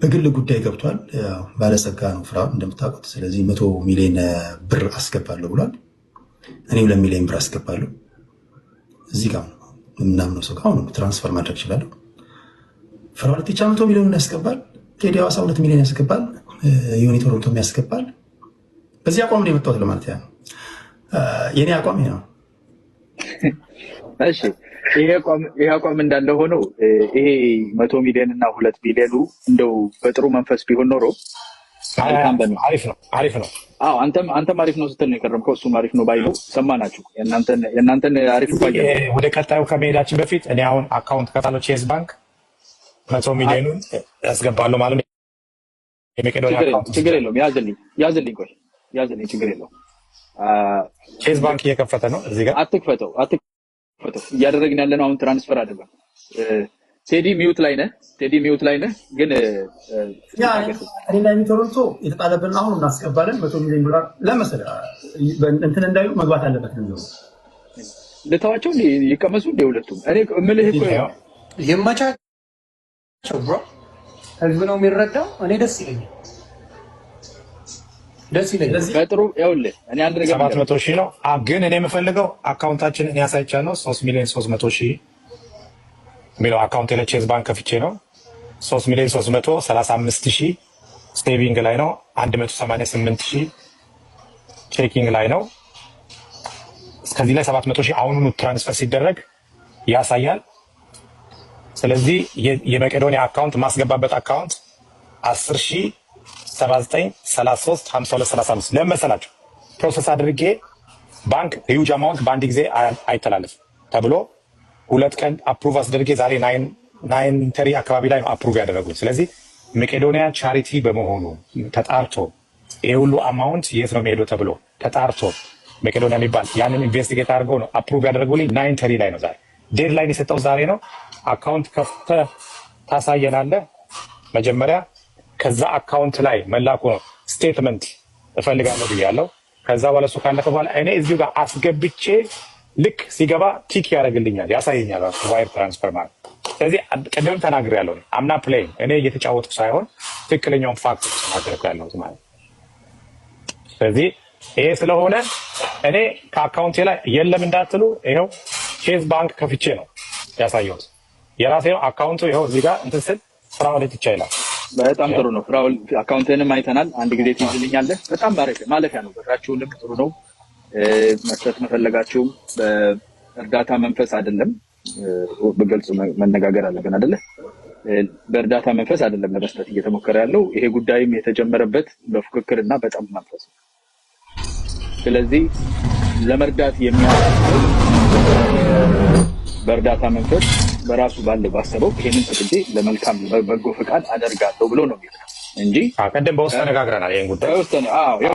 በግል ጉዳይ ገብቷል። ባለጸጋ ነው ፍራ እንደምታውቁት። ስለዚህ መቶ ሚሊዮን ብር አስገባለሁ ብሏል። እኔም ለሚሊዮን ሚሊዮን ብር አስገባለሁ። እዚህ ጋር የምናምነው ሰው ጋር ትራንስፈር ማድረግ ፍራ ሁለት ቻ መቶ ሚሊዮን ያስገባል። ቴዲ ሐዋሳ ሁለት ሚሊዮን ያስገባል። ዮኒ ቶሮንቶም ያስገባል። በዚህ አቋም ነው የመጣሁት ለማለት ያ የእኔ አቋም ነው። እሺ ይሄ አቋም እንዳለ ሆኖ ይሄ መቶ ሚሊዮን እና ሁለት ሚሊዮኑ እንደው በጥሩ መንፈስ ቢሆን ኖሮ አሪፍ ነው። አዎ አንተም አንተም አሪፍ ነው ስትል ነው የቀረምከው። እሱም አሪፍ ነው ባይሉ ሰማናችሁ። የእናንተን አሪፍ እኳያ ወደ ቀጣዩ ከመሄዳችን በፊት እኔ አሁን አካውንት ከታሎች የህዝብ ባንክ መቶ ሚሊዮኑን ያስገባለሁ ማለት ነው። ችግር የለውም። ያዝልኝ ያዝልኝ፣ ቆይ ያዝልኝ፣ ችግር የለውም። ቼዝ ባንክ እየከፈተ ነው። እዚህ ጋር አትክፈተው እያደረግን ያለ ነው። አሁን ትራንስፈር አይደለም። ቴዲ ሚዩት ላይ ነህ፣ ቴዲ ሚዩት ላይ ነህ። ግን ሪላሚ ቶሮንቶ የተጣለብን አሁን እናስገባለን። መቶ ሚሊዮን ዶላር ለመሰለህ እንትን እንዳዩ መግባት አለበት ነው ልታዋቸው ይቀመሱ እንደ ሁለቱም እኔ ምልህ የማቻቸው ህዝብ ነው የሚረዳው። እኔ ደስ ይለኛል። ደስ ይለኛል። በጥሩ ይኸውልህ፣ እኔ አንድ ነገር ሰባት መቶ ሺህ ነው ግን እኔ የምፈልገው አካውንታችን እኔ አሳይቻለሁ። ሶስት ሚሊዮን ሶስት መቶ ሺህ የሚለው አካውንት የለቼዝ ባንክ ከፍቼ ነው። ሶስት ሚሊዮን ሶስት መቶ ሰላሳ አምስት ሺህ ሴቪንግ ላይ ነው። አንድ መቶ ሰማንያ ስምንት ሺህ ቼኪንግ ላይ ነው። እስከዚህ ላይ ሰባት መቶ ሺህ አሁኑኑ ትራንስፈር ሲደረግ ያሳያል። ስለዚህ የመቄዶኒያ አካውንት ማስገባበት አካውንት አስር ሺህ 79335235 ለመሰላቸው ፕሮሰስ አድርጌ ባንክ ሂዩጅ አማውንት በአንድ ጊዜ አይተላለፍም ተብሎ ሁለት ቀን አፕሩቭ አስደርጌ ዛሬ ናይን ተሪ አካባቢ ላይ አፕሩቭ ያደረጉኝ። ስለዚህ መቄዶኒያ ቻሪቲ በመሆኑ ተጣርቶ ይህ ሁሉ አማውንት የት ነው የሚሄደው ተብሎ ተጣርቶ መቄዶኒያ የሚባል ያንን ኢንቨስቲጌት አድርገው ነው አፕሩቭ ያደረጉልኝ። ናይን ተሪ ላይ ነው ዛሬ ዴድላይን የሰጠው ዛሬ ነው። አካውንት ከፍተህ ታሳየናለህ መጀመሪያ ከዛ አካውንት ላይ መላኩ ነው። ስቴትመንት እፈልጋለሁ ብያለሁ። ከዛ በኋላ እሱ ካለፈ በኋላ እኔ እዚሁ ጋር አስገብቼ ልክ ሲገባ ቲክ ያደርግልኛል፣ ያሳየኛል ዋይር ትራንስፈር ማለት። ስለዚህ ቅድም ያለው አምና ፕሌይ እኔ እየተጫወትኩ ሳይሆን ትክክለኛውን ፋክት ማድረግ ያለሁት ማለት። ስለዚህ ይሄ ስለሆነ እኔ ከአካውንቴ ላይ የለም እንዳትሉ፣ ይኸው ኬዝ ባንክ ከፍቼ ነው ያሳየሁት። የራሴ አካውንቱ ይኸው እዚህ ጋር እንትን ስል ፍራውዴት ይቻይላል በጣም ጥሩ ነው። ፍራውል አካውንትንም አይተናል። አንድ ጊዜ ትይዝልኛለህ። በጣም ማለፊያ ነው። ብራችሁንም ጥሩ ነው። መስጠት መፈለጋችሁም በእርዳታ መንፈስ አይደለም። በግልጽ መነጋገር አለብን አይደለ? በእርዳታ መንፈስ አይደለም ለመስጠት እየተሞከረ ያለው ይሄ ጉዳይም የተጀመረበት በፉክክርና በጣም መንፈስ ነው። ስለዚህ ለመርዳት የሚያ በእርዳታ መንፈስ በራሱ ባለ ባሰበው ይህንን ፈቅጄ ለመልካም በጎ ፈቃድ አደርጋለሁ ብሎ ነው የሚለው እንጂ ቅድም በውስጥ ተነጋግረናል ይህን ጉዳይ